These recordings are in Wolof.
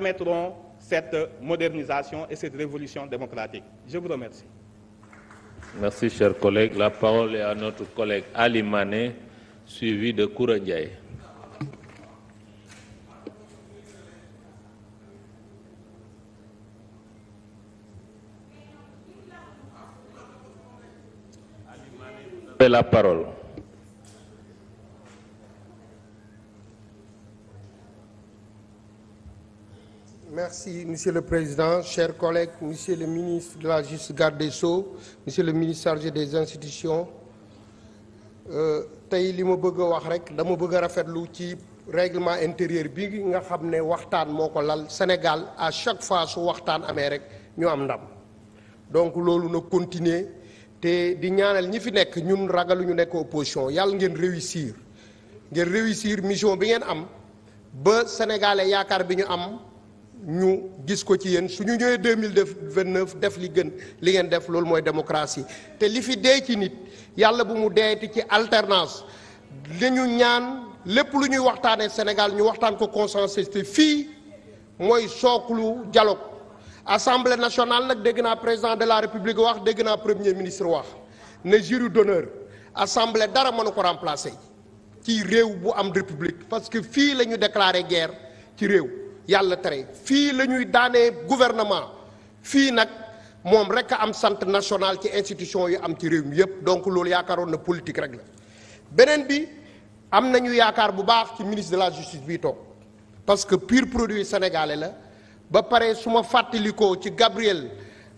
permettront cette modernisation et cette révolution démocratique. Je vous remercie. Merci, chers collègues. La parole est à notre collègue Ali Mané, suivi de Kourandjaye. la parole. Merci, Monsieur le Président, chers collègues, Monsieur le ministre de la Justice Garde des Sceaux, Monsieur le ministre chargé des institutions. Euh, tey li ma bëgg a wax rek dama bëgg rafetlu ci règlement intérieur bi nga xam ne waxtaan lal Sénégal à chaque fois su waxtaan amee rek ñu am ndam donc loolu na continuer te di ñaanal ñi fi nekk ñun ragaluñu opposition yàlla ngeen réussir ngeen réussir mission bi ngeen am ba sénégalais yaakaar bi ñu am ñu gis ko ci yéen suñu ñu 2029 def li gën li ngeen def lool moy démocratie té li fi dé ci nit yalla bu mu dé ci alternance li ñu ñaan lepp lu ñuy waxtaanee Sénégal ñu waxtaan ko consensus te fii mooy sooklu dialogue assemblée nationale nak dégg na président de la république wax dégg na premier ministre wax né jury d'honneur assemblée dara mënu ko remplacer ci réew bu am république parce que fi lañu déclarer guerre ci réew. yàlla tere fii la ñuy daanee gouvernement fii nag moom rek am centre national ci institution yi am ci réew mi yëpp donc loolu yaakaaroon na politique rek la beneen bi am nañu yaakaar bu baax ci ministre de la justice bii toog parce que pur produit sénégalais la ba pare su ma fàttalikoo ci Gabriel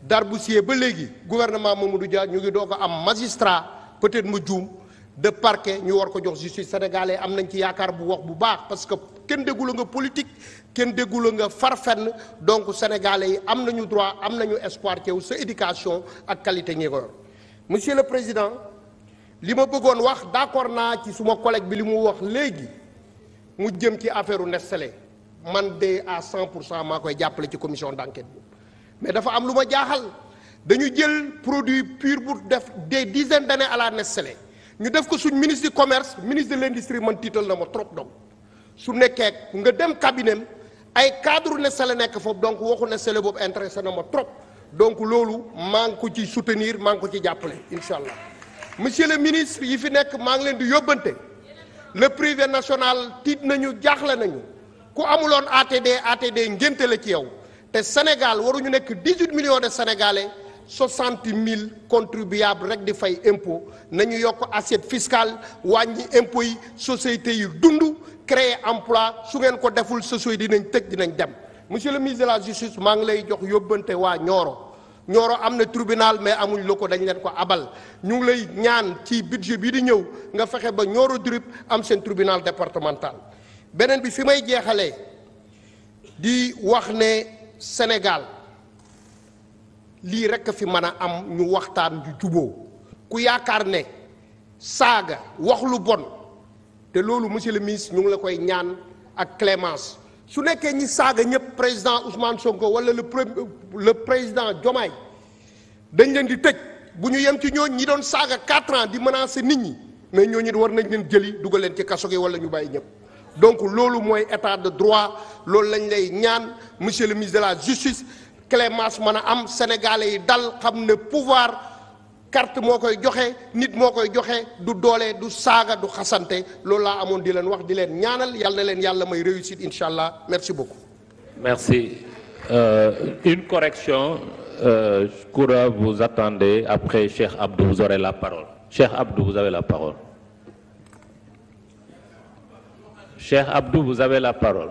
Darboussier ba léegi gouvernement du jaar ñu ngi doo ko am magistrat peut-être mu juum de parquet ñu war ko jox justice sénégalais am nañ ci yaakaar bu wax kenn pas nga politique kenn pas nga farfenn donc sénégalais nous am droit am nañu espoir ci ait sa éducation ak qualité ñi monsieur le président li ma bëggoon wax d'accord na ci suma collègue bi limu wax légui mu jëm ci affaire Nestlé man dé à 100 ma la koy jappalé ci commission d'enquête mais dafa am luma ma jaaxal dañu jël produit pur pour def des dizaines d'années à la Nestlé ñu def ko suñ ministre du commerce ministre de l'industrie man titre na ma trop donc su nekkee nga dem cabinet ay cadre ne sele nekk foofu donc waxu ne sele boobu intéressé na ma trop donc loolu maa ngi ko ci soutenir maa ngi ko ci jàppale incha allah monsieur le ministre yi fi nekk maa ngi leen di yóbbante le privé national tiit nañu jaaxle nañu ku amuloon ATD ATD ngénte la ci yow te Sénégal waruñu nekk 18 millions de sénégalais 60 000 contribuables rek di fay impôt nañu yokk assiette fiscale wàññi impôt société yi dund créer emploi su un ko deful société dinañ tëj dem monsieur le ministre de la justice maa ngi lay jox yóbbante waa Nioro Nioro am tribunal mais amuñ loko dañ leen ko abal ñu ngi lay ñaan ci budget bi di ñew nga fexé ba ñoro DRIP am sen tribunal départemental benen bi fi may di wax né Sénégal li rek fi meuna am ñu waxtaan ju jubo ku yaakar ne saga wax te monsieur le ministre ñu la koy ak clémence su ñi saga président Ousmane Sonko le le président Diomaye dañ leen di tejj bu ñu ci ñi quatre ans di menacer nit ñi mais ñoo ñi war nañ leen jëli duggal leen donc état de droit lolu lañ lay ñaan monsieur le ministre de la justice clémence mën am sénégalais yi dal xamné pouvoir carte moo joxé nit moo joxé du doole du saga du xasante loolu laa amoon di len wax di len ñaanal yalla na len yalla may réussite inshallah merci beaucoup. merci euh, une correction euh, Koura vous attendez après Cheikh Abdou vous aurez la parole Cheikh Abdou vous avez la parole. Cheikh Abdou vous avez la parole.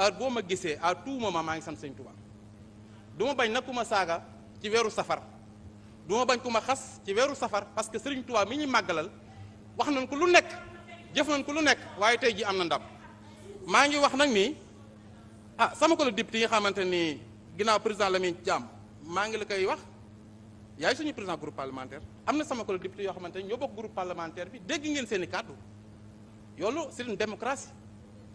heure boo ma gisee à tout moment maa ngi sant sëñ Tuubaa du ma bañ nag ku ma saaga ci weeru safar du bañ ku ma xas ci weeru safar parce que sëriñ Tuubaa mi ñuy màggalal wax nañ ko lu nekk jëf ko lu nekk waaye tey ji am na ndam maa ngi wax nag ni ah sama ko la député yi nga xamante ni ginnaaw président Lamine Thiam maa ngi la koy wax yaay suñu président groupe parlementaire am na sama ko la député yoo xamante ni ñoo bokk groupe parlementaire bi dégg ngeen seeni kàddu yoolu c'est une démocratie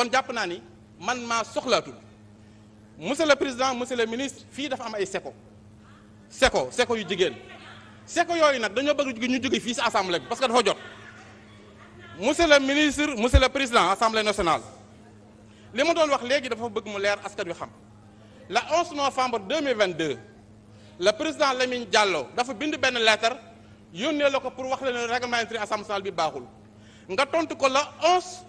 kon jàpp naa ni man maa soxlaatul monsieur le président monsieur le ministre fii dafa am ay seko seko seko yu jigéen seko yooyu nag dañoo bëgg ñu jóge fii si assemblée bi parce que dafa jot monsieur le ministre monsieur le président assemblée nationale li ma doon wax léegi dafa bëgg mu leer askan wi xam la 11 novembre 2022 le président Lamine Diallo dafa bind benn lettre yónnee la ko pour wax la ne règlement assemblée nationale bi baaxul nga tontu ko la 11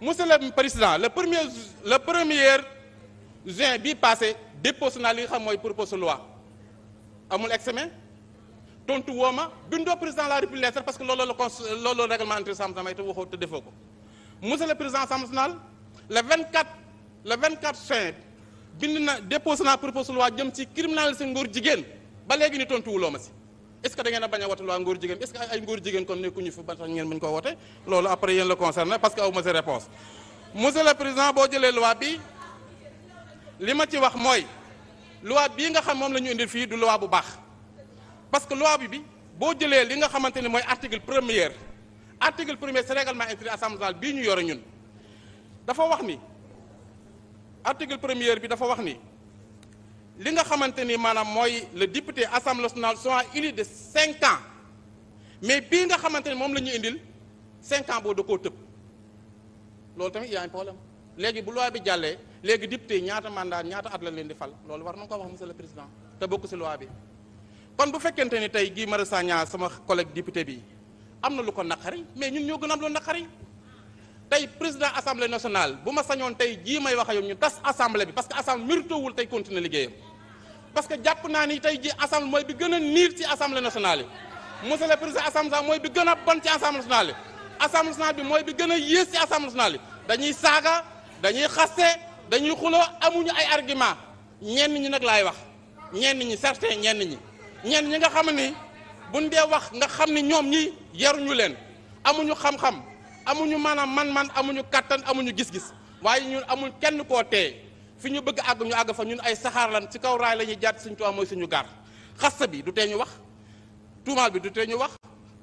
monsieur le président le premier le premier juin bi passé déposé naa li nga xam mooy loi amul examen tontu woo ma bindoo président de la république lettre parce que lolo la con règlement intérieur Assemblée nationale te waxoo te defoo monsieur le président Assemblée nationale le 24 le 24 juin bind na déposé poser proposition loi jëm ci criminaliser ngóor jigéen ba léegi ni tontu wuloo ma si. est ce que da a bañ a wote loi ngóor jigéen est que ay ngóor jigéen kon nekkuñu fi ba tax ngeen mën koo wote loolu après yéen la concerné parce que aw ma sa réponse monsieur président boo jëlee loi bi li ma ci wax mooy loi bii nga xam moom la ñu indil fii du loi bu baax parce que loi bi bi boo jëlee li nga xamante ni mooy article premier article premier si règlement intérieur assemblée nationale bii ñu yore ñun dafa wax ni article premier bi dafa wax ni li nga xamante ni maanaam mooy le député assemblée nationale soit élu de cinq ans mais bii nga xamante ni moom la ñu indil cinq ans boo da koo tëb loolu tamit y a un problème léegi bu jàllee léegi député ñaata mandat ñaata at la leen di fal loolu war na ko wax monsieur le te bokk ci loi bi kon bu fekkente ni tey Guy Marius Sagna sama collègue député bi am na lu ko naqari mais ñun ñoo gën a am lu naqari tey président assemblée nationale bu ma sañoon tey jii may wax ak yow ñu tas assemblée bi parce que assemblée méritewul tey continuer liggéeyam parce que jàpp naa ni tey ji assemblée mooy bi gën a niir ci assemblée nationale yi monsieur le président assemblée mooy bi gën a bon ci assemblée nationale yi nationale bi mooy bi gën a yées ci assemblée nationale dañuy saaga dañuy xaste dañuy xuloo amuñu ay argument ñenn ñi nag laay wax ñenn ñi certain ñenn ñi ñenn ñi nga xam ni buñ dee wax nga xam ni ñoom ñi yaruñu leen amuñu xam-xam amuñu maanaam man-man amuñu kattan amuñu gis-gis waaye ñun amul kenn koo tee fi ñu bëgg àgg ñu àgg fa ñun ay saxaar lan ci kaw raay la ñuy jàpp suñ tuwaa mooy suñu gaar xasta bi du tee ñu wax tuumaal bi du tee ñu wax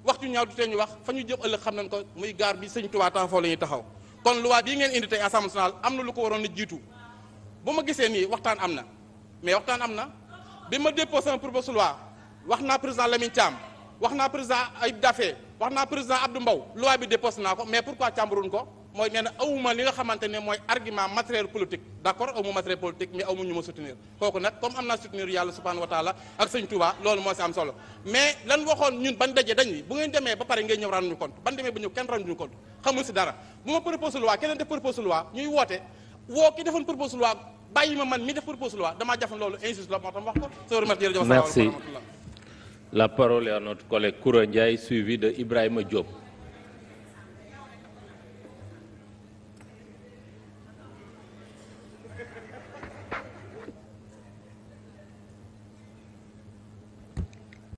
wax ju ñaaw du tee ñu wax fa ñu jëm ëllëg xam nañ ko muy gaar bi suñ tubaa temps foofu la ñuy taxaw kon loi bii ngeen indi tey assemblée nationale am na lu ko waroon a jiitu bu ma gisee nii waxtaan am na mais waxtaan am na bi ma déposé sama proposition de loi wax naa président Lamine Thiam wax naa président ay Daffé wax naa président Abdou Mbow loi bi déposé naa ko mais pourquoi càmbaruñ ko mooy nee na awuma li nga xamante ne mooy argument matériel politique d' accord amu matériel politique mais amu ñu ma soutenir kooku nag comme am naa soutenir yàlla subhanahu wa ak sëñ Touba loolu moo si am solo mais lan waxoon ñun ban dajee dañ bu ngeen demee ba pare ngay ñëw rendre ñu compte ban demee ba ñëw kenn rendre ñu compte xamul si dara bu ma propose loi keneen def propose loi ñuy woote woo ki defoon propose loi bàyyi ma man mi def propose loi damaa jafan loolu injuste la moo tax wax ko soo remercié jërëjëf merci la parole est